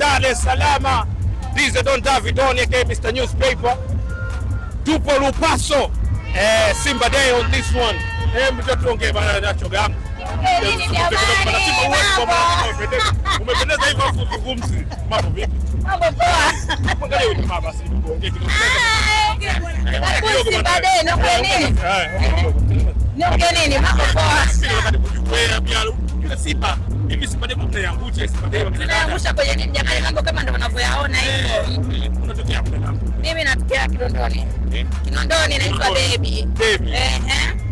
Dar es Salaam. Dize Don David on again, Mr. Newspaper. Tupo Lupaso. Eh, Simba Day on this one. Eh, mtatuongea bana nacho gangu. Umependeza hivyo afu Mambo vipi? poa. Mambo poa na Simba. Mimi sipate mtu anayeangusha, sipate mtu anayeangusha kwenye nini jamani, mambo kama ndio unavyoyaona hivyo. Eh, unatokea kwa nani? Mimi natokea Kinondoni. Eh? Kinondoni naitwa Baby. Baby. Eh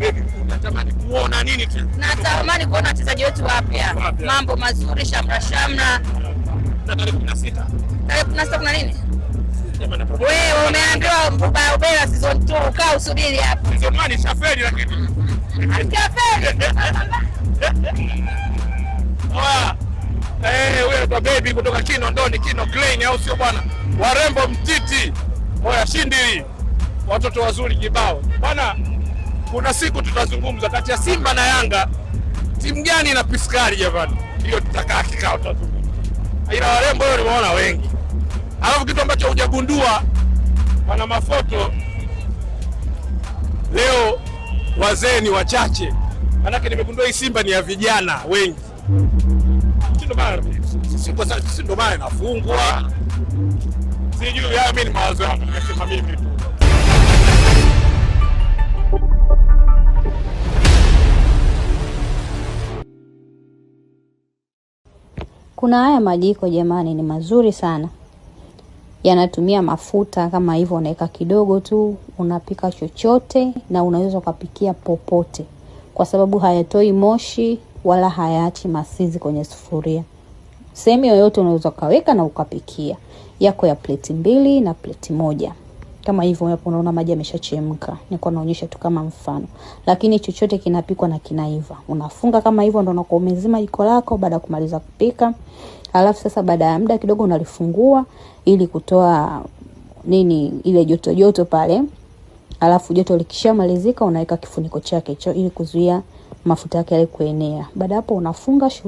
eh. Natamani kuona nini tena? Natamani kuona wachezaji wetu wapya. Mambo mazuri shamra shamra. Tarehe 16. Tarehe 16 kuna nini? Wewe umeambiwa Mbuba Ubela season 2 kaa usubiri hapo. Season 1 lakini. Ishafeli. Eh, wewe kwa baby kutoka Kino Ndoni, Kino Klein, au sio bwana? Warembo mtiti moya shindili, watoto wazuri kibao bwana. Kuna siku tutazungumza kati ya Simba na Yanga, timu gani na piskari jamani, hiyo tutakaa kikao, tutazungumza. Ila warembo hiyo nimeona wengi, alafu kitu ambacho hujagundua wana mafoto leo, wazee ni wachache. Manake nimegundua hii Simba ni ya vijana wengi, sisi ndo maana inafungwa. Sijui mimi ni mawazo yangu, nimesema mimi tu. Kuna haya majiko jamani, ni mazuri sana, yanatumia mafuta kama hivyo, unaweka kidogo tu, unapika chochote na unaweza ukapikia popote kwa sababu hayatoi moshi wala hayaachi masizi kwenye sufuria. Sehemu yoyote unaweza ukaweka na ukapikia yako ya pleti mbili na pleti moja kama hivyo hapo unaona maji yameshachemka. niko naonyesha tu kama mfano. Lakini chochote kinapikwa na kinaiva. Unafunga kama hivyo ndio unakuwa umezima jiko lako baada ya kumaliza kupika. Alafu sasa baada ya muda kidogo unalifungua ili kutoa nini ile joto joto pale Alafu joto likishamalizika unaweka kifuniko chake hicho ili kuzuia mafuta yake yale kuenea. Baada hapo unafunga.